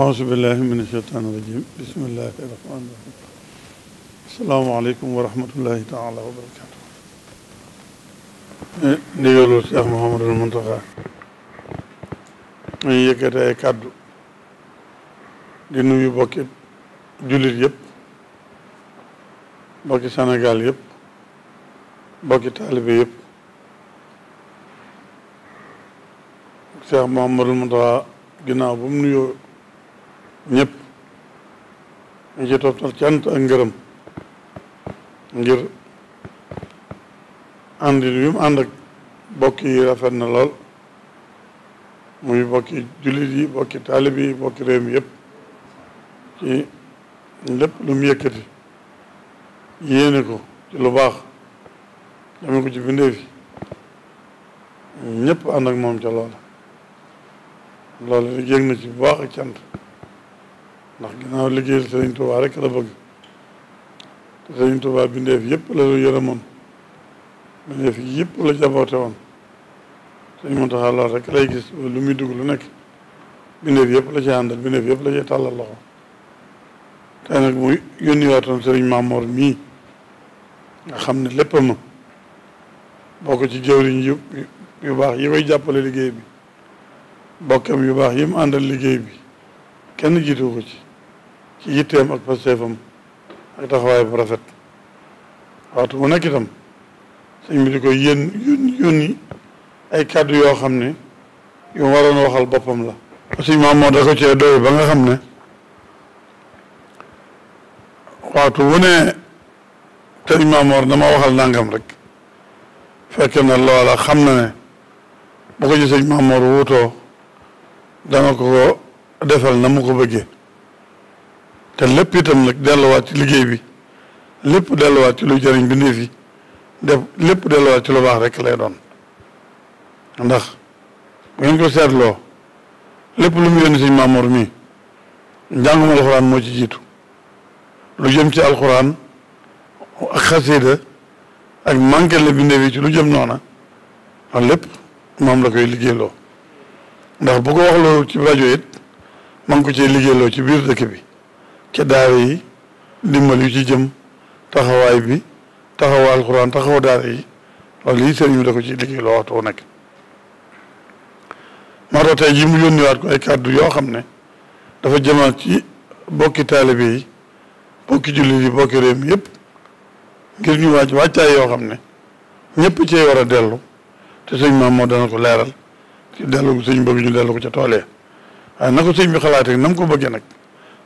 auzu billahi mina sheytaani rajim bismillahi rahmaani rahim asalaamaaleykum wa rahmatullahi taala wa barakaatu eh, ndigalul Cheikh Mouhamadul Muntaxa ñu yëkkate ay kàddu di nuyu bokki jullit yëpp bokki Sénégal yëpp bokki taalibe yëpp Cheikh Mouhamadul Muntaxa ginnaaw ba mu nuyoo ñépp ñu ci toftal cant ak ngërëm ngir àndin wi mu ànd ak bokk yi rafet na lool muy bokki jullit yi bokki taalib yi bokki réew mi yëpp lépp lu mu yëkkati yéene ko ci lu baax dame ko ci bindéef yi ñëpp ànd ak moom ca loola loolu yëg na ci bu baax ak cant ndax ginnaaw liggéeyal Sëriñ Tuubaa rek la bëgg te Sëriñ Tuubaa bindeef yëpp la lu yërëmoon bindeef yëpp la jaboote woon Sëriñ Muntaxa lool rek lay gis lu muy dugg lu nekk bindeef yëpp la ci àndal bindeef yëpp la ci tàllal loxo tey nag mu yónni waatoon Sëriñ Maamoor mii nga xam ne lépp ma bokk ci jëwriñ yu baax yi jàppale liggéey bi bokkam yu baax yi mu àndal liggéey bi kenn jiitu ko ci ci yitteem ak pasteefam ak taxawaay bu rafet waatu mu nekk itam bi di ko yén yónni ay kàddu yoo xam ni yu waroon waxal boppam la sëñ maam da ko cee doy ba nga xam ne waxtu wu ne te imaam dama waxal nangam rek fekk na loola xam na ne bu ko gisee imaam Mor wuutoo dana ko defal na mu ko bëggee te lépp itam nag delluwaat ci liggéey bi lépp delluwaat ci lu jariñ bi néef yi def lépp delluwaat ci lu baax rek lay doon ndax bu ngeen ko seetloo lépp lu mu yónni sëñ Maamoor mii njàngum alxuraan moo ci jiitu lu jëm ci alxuraan ak xasiida ak manqué la bindee bi ci lu jëm noona wax lépp moom la koy liggéeyloo ndax bu ko waxloo ci rajo it ma ngi ko cee liggéeyloo ci biir dëkk bi ca daara yi ndimbal yu ci jëm taxawaay bi taxawa alxuraan taxawa daara yi loolu yi sëriñ bi da ko ci liggéey loo waxtu nekk moo tax tey ji mu yónniwaat ko ay kàddu yoo xam ne dafa jëmal ci bokki taalibe yi bokki jullit yi bokki réew mi yëpp ngir ñu wàcc wàccaay yoo xam ne ñëpp cee war a dellu te sëñ maam moo dana ko leeral ci dellu sëñ bëgg ñu dellu ko ca tool ya waaye na ko sëñ bi xalaat na mu ko bëggee nag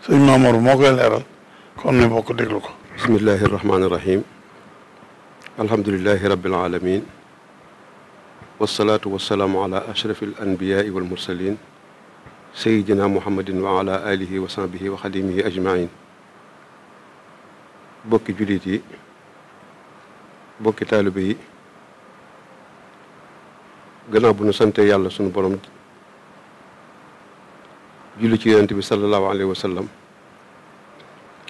sëñ Maamor moo koy leeral kon ne bokk déglu ko bismillahi rahmaani rahim alhamdulilahi rabbil alamin wasalaatu wasalaamu ala ashrafi al anbiyaai wal mursalin sayidina muhammadin wa ala alihi wa sahbihi wa xadimihi ajmain bokki jullit yi bokki taalibe yi gannaaw bu nu sante yàlla sunu borom julli ci yonent bi sallallahu alayhi wa sallam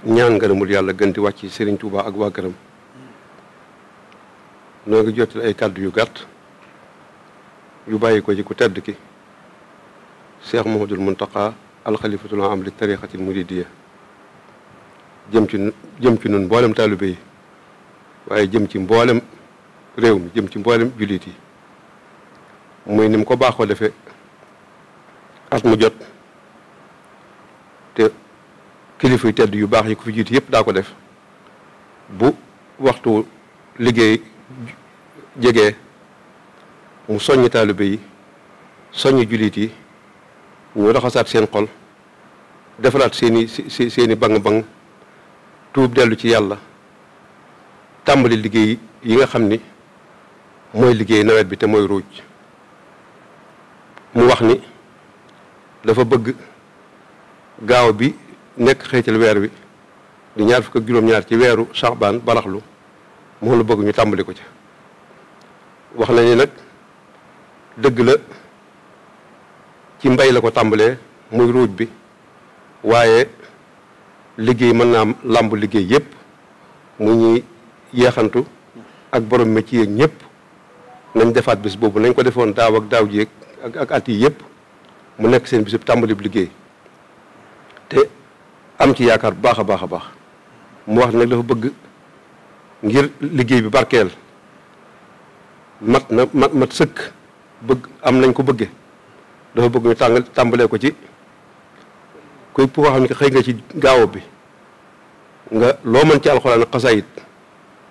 ñaan ngërëmul yàlla gën di wàcc Serigne Touba ak waa gërëm noo ngi ay kàddu yu gàtt yu bàyyi ko ci ku tedd ki Cheikh Mouhamadoul Mountakha alxalifatul am li mu muridiyya jëm ci jëm ci nun mboolem taalibe yi waaye jëm ci mboolem réew mi jëm ci mboolem jullit yi muy ni mu ko baaxoo defee at mu jot kilifa yu tedd yu baax yi ko fi jiitu yëpp daa ko def bu waxtu liggéey jege mu soññ taalibe yi soññ jullit yi ñu raxasaat seen xol defaraat seeni seeni bang-bang tuub dellu ci yàlla tàmbali liggéey yi nga xam ni mooy liggéey nawet bi te mooy ruuj mu wax ni dafa bëgg gaaw bi nekk xëytal weer wi di ñaar fukk ak juróom-ñaar ci weeru saxbaan baraxlu moom la bëgg ñu tàmbali ko ca wax nañu nag dëgg la ci mbay la ko tàmbalee muy ruuj bi waaye liggéey mën naa làmb liggéey yépp mu ñuy yeexantu ak borom métier ñëpp nañ defaat bis boobu nañ ko defoon daaw ak daaw jéeg ak ak at yi yépp mu nekk seen bisub tàmbali bi liggéey am ci yaakaar bu baax a baax a baax mu wax nag dafa bëgg ngir liggéey bi barkeel mat na mat mat sëkk bëgg am nañ ko bëgge dafa bëgg ñu tàng tàmbalee ko ci kuy pour xam ne xëy nga ci gaaw bi nga loo mën ci alxuraan ak xasaayit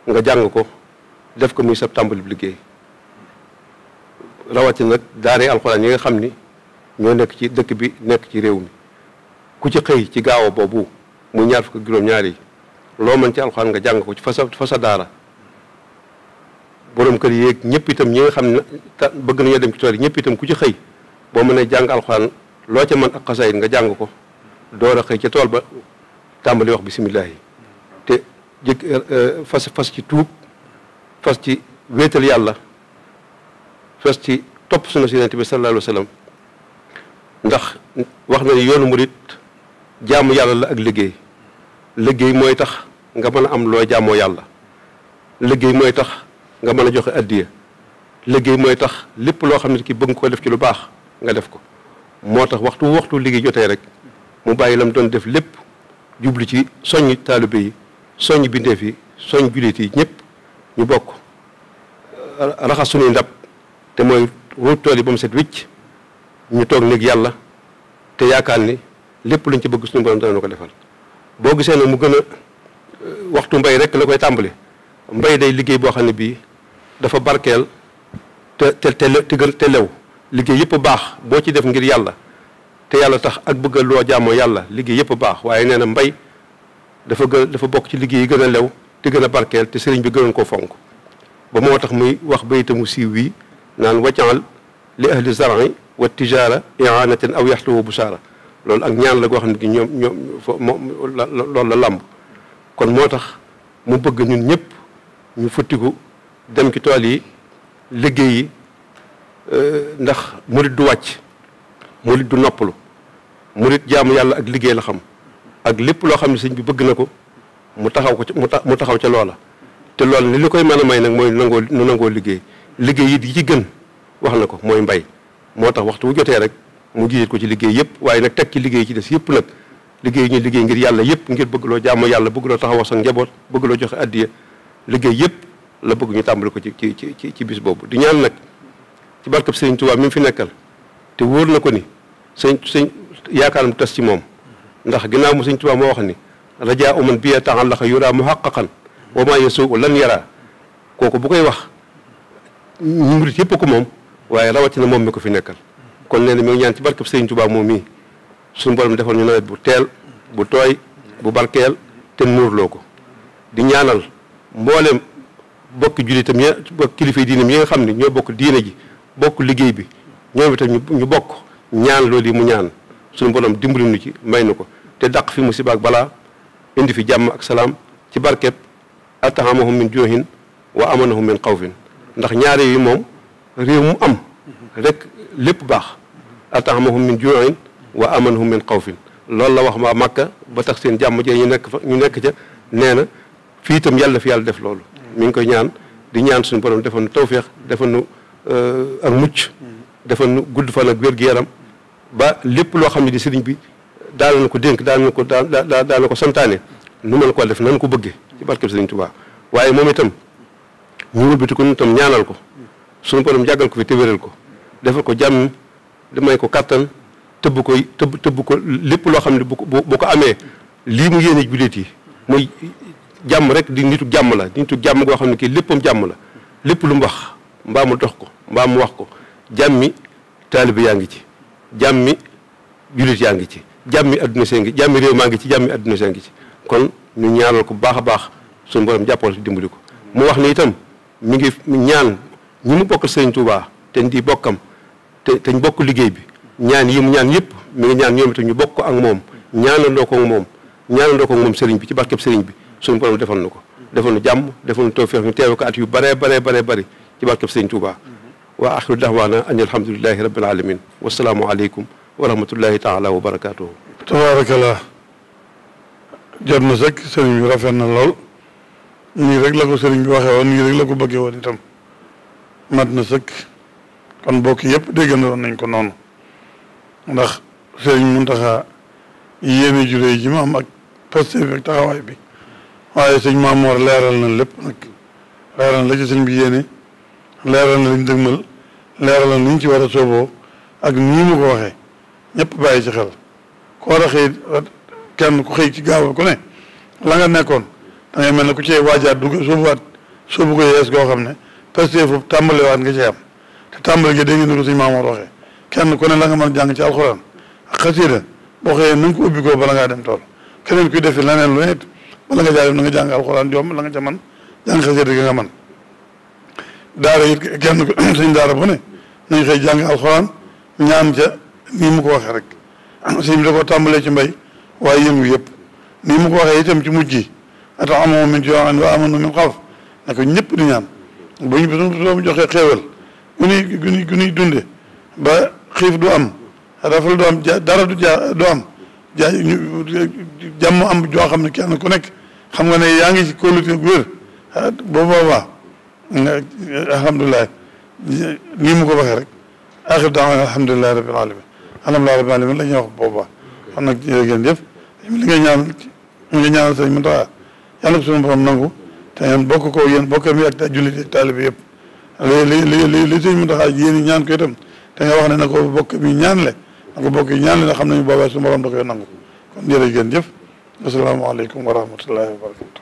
nga jàng ko def ko muy sa tàmbali bu liggéey rawatina nag daaree alxuraan yi nga xam ni ñoo nekk ci dëkk bi nekk ci réew mi ku ci xëy ci gaaw boobu muy ñaar fukk juróom-ñaar yi loo mën ci alxuraan nga jàng ko ci fa sa fa sa daara borom kër yeeg ñëpp itam ñi xam ne bëgg nañoo dem ci yi ñëpp itam ku ci xëy boo mënee jàng alxuraan loo ca mën ak xasaayit nga jàng ko door xëy ca tool ba tàmbali wax bisimilah yi te euh, euh, fas fas ci tuub fas ci wéetal yàlla fas ci topp sunu si yonent bi sallallahu alayhi ndax wax na yoonu murit jaamu yàlla la ak liggéey liggéey mooy tax nga mën a am loo jaamoo yàlla liggéey mooy tax nga mën a joxe addiya liggéey mooy tax lépp loo xam ne ki bëgg nga ko def ci lu baax nga def ko moo tax waxtu waxtu liggéey jotee rek mu bàyyi lam doon def lépp jublu ci soññ taalibe yi soññ bindeef yi soññ jullit yi ñëpp ñu bokk raxas suñuy ndab te mooy ruuj tool yi ba mu set wicc ñu toog néeg yàlla te yaakaar ni lépp luñ ci bëgg suñu borom dana ko defal boo gisee ne mu gën a euh, waxtu mbay rek la koy tàmbali mbay day liggéey boo xam ne bii dafa barkeel te te te gën te lew liggéey yëpp baax boo ci def ngir yàlla te yàlla tax ak bëgg loo jaamoo yàlla liggéey yëpp baax waaye nee na mbay dafa gën dafa bokk ci liggéey yi gën a lew te gën a barkeel te sëriñ bi gënoon koo fonk ba moo tax muy wax baytamu siiw wii naan wajaal li ahli zarai wa tijaara ianatan aw yaxluwa busaara loolu ak ñaan la goo xam ne gi ñoom ñoom moom loolu la làmb kon moo tax mu bëgg ñun ñëpp ñu futtiku dem ci tool yi liggéey yi euh, ndax murit du wàcc murit du noppalu murit jaamu yàlla ak liggéey la xam ak lépp loo xam ne sëñ bi bëgg na ko mu taxaw ko mu taxaw ca loola te loolu li li koy mën a may nag mooy nangoo nangoo liggéey liggéey yi di ci gën wax na ko mooy mbay moo tax waxtu wu jotee rek mu jiite ko ci liggéey yëpp waaye nag teg ci liggéey ci des yëpp nag liggéey ñu liggéey ngir yàlla yëpp ngir bëgg loo jaamu yàlla bëgg loo taxawoo sa njaboot bëgg loo joxe addiya liggéey yëpp la bëgg ñu tàmbali ko ci ci ci ci bis boobu di ñaan nag ci barkab sëriñ Tuubaa mi fi nekkal te wóor na ko ni sëñ sëñ yaakaaram tas ci moom ndax ginnaaw mu sëñ Tuubaa moo wax ni rajaa uman bi ta'allaqa yura muhaqqaqan wa ma yasu'u lan yara kooku bu koy wax ñu murit yëpp ko moom waaye rawatina moom mi ko fi nekkal kon nee na mi ngi ñaan ci barkeb Serigne Touba moom su suñu borom defal ñu nawet bu teel bu tooy bu barkeel te loo ko di ñaanal mboolem bokk jullitam ya bokk kilifa diinam yi nga xam ne ñoo bokk diine ji bokk liggéey bi ñoom itam ñu bokk ñaan loolu yi mu ñaan su borom dimbali nu ci may nu ko te dàq fi musiba ak balaa indi fi jàmm ak salaam ci barkeb atahamahum min juuhin wa amanahum min xawfin ndax ñaare moom réew mu am rek lépp baax ataamahum min juuin wa amanhum min xawfin loolu la wax waa Màkka ba tax seen jàmm jee ñu nekk fa ñu nekk ca nee na fii tam yàlla fi yàlla def loolu mi ngi koy ñaan di ñaan suñu borom defal nu tawféex defal nu euh, ak mucc defal nu gudd fan ak wér-gu-yaram ba lépp loo xam ne di sëriñ bi daal na ko dénk daal na ko daa daal ko santaane nu mel ko def nan ko bëggee ci barkeb sëriñ Tuubaa waaye moom itam ñu wëlbati ko nu itam ñaanal ko suñu borom jàggal ko fi te wéral ko defal ko jàmm damay may ko kattan tëbb ko tëbb tëbb ko lépp loo xam ne bu ko bu ko amee lii mu yéene jullit yi muy jàmm rek di nitu jàmm la nitu jàmm goo xam ne kii léppam jàmm la lépp lu mu wax mbaa mu dox ko mbaa mu wax ko jàmmi taalibe yaa ngi ci jàmmi jullit yaa ngi ci jàmmi adduna see ngi jàmmi réew maa ngi ci jàmmi adduna see ngi ci kon ñu ñaanal ko bu baax a baax suñu borom jàppal si dimbali ko mu wax ni itam mi ngi ñaan ñi mu bokk Sëriñ Tuubaa te di bokkam te bokk liggéey bi ñaan yi mu ñaan yëpp mi ngi ñaan ñoom itam ñu bokk ko ak moom ñaanandoo ko ak moom ñaanandoo ko ak moom sëriñ bi ci barkeb seriñ bi suñu borom defal na ko defal na jàmm defal na tawfeex ñu teewe ko at yu bare bare bare bëri ci barkeb sëriñ Touba wa axiru dahwaana an alhamdulilahi rabbil alamin wasalaamu aleykum wa rahmatullahi taala wa barakatuhu tabaarakallah jot na sëkk sëriñ bi rafet na lool nii rek la ko sëriñ bi waxee woon nii rek la ko bëggee woon itam mat na sëkk kon mbokk yëpp déggandoon nañ ko noonu ndax Serigne Mountakha yéene juree ji ma ak pasté bi ak taxawaay bi waaye sëñ Maamoor leeral na lépp nag leeral na la ci bi yéene leeral na liñ dëgmal leeral na niñ ci war a sooboo ak nii mu ko waxee ñëpp bàyyi ci war a xëy kenn ku xëy ci gaawal ku ne la nga nekkoon da mel ne ku cee waajaat dugg soobuwaat soobu ko yees goo xam ne pasté foofu tàmbalewaat nga cee am tàmbali nga dégg ngeen ko suñu maamoor waxee kenn ku ne la nga mën a jàng ci alxuraan ak xasiida boo xëyee na ko ubbi ko bala ngaa dem tool keneen kuy defi leneen lu nit bala nga jaay dem na nga jàng alxuraan jom la nga ca man jàng xasiida gi nga man daara it kenn suñ daara bu ne nañ xëy jàng alxuraan ñaam ca nii mu waxe rek sëñ bi da koo tàmbalee ci mbay waaye yëngu yëpp nii mu ko waxee itam ci mujj gi ata amoo min joan wa amanu min xawf ne ko ñëpp di ñaan gu nuy gu dunde ba xiif du am rafal du am ja dara du ja du am ja am joo xam ne kenn ku nekk xam nga ne yaa ngi ci kóolute gu wér ah, boo boobaa alhamdulilah nii mu ko waxee rek axir daan alhamdulilahi rabbil alamin alhamdulilahi rabbil alamin la ñuy wax am xam nag jërëgéen yëpp li nga ñaan li nga ñaanal sëñ Muntaxa yàlla na ko suñu borom nangu te ngeen bokk ko yéen bokkam yi ak jullit yi taalibe yëpp li li li li suñ Muntaxa yéen ñaan ko itam te nga wax ne na ko bokk mi ñaanle na ko bokk yi ñaanle ndax xam nañu boobaa su borom da koy nangu kon jërë ngeen jëf asalaamaaleykum wa rahmatullahi wa barakatu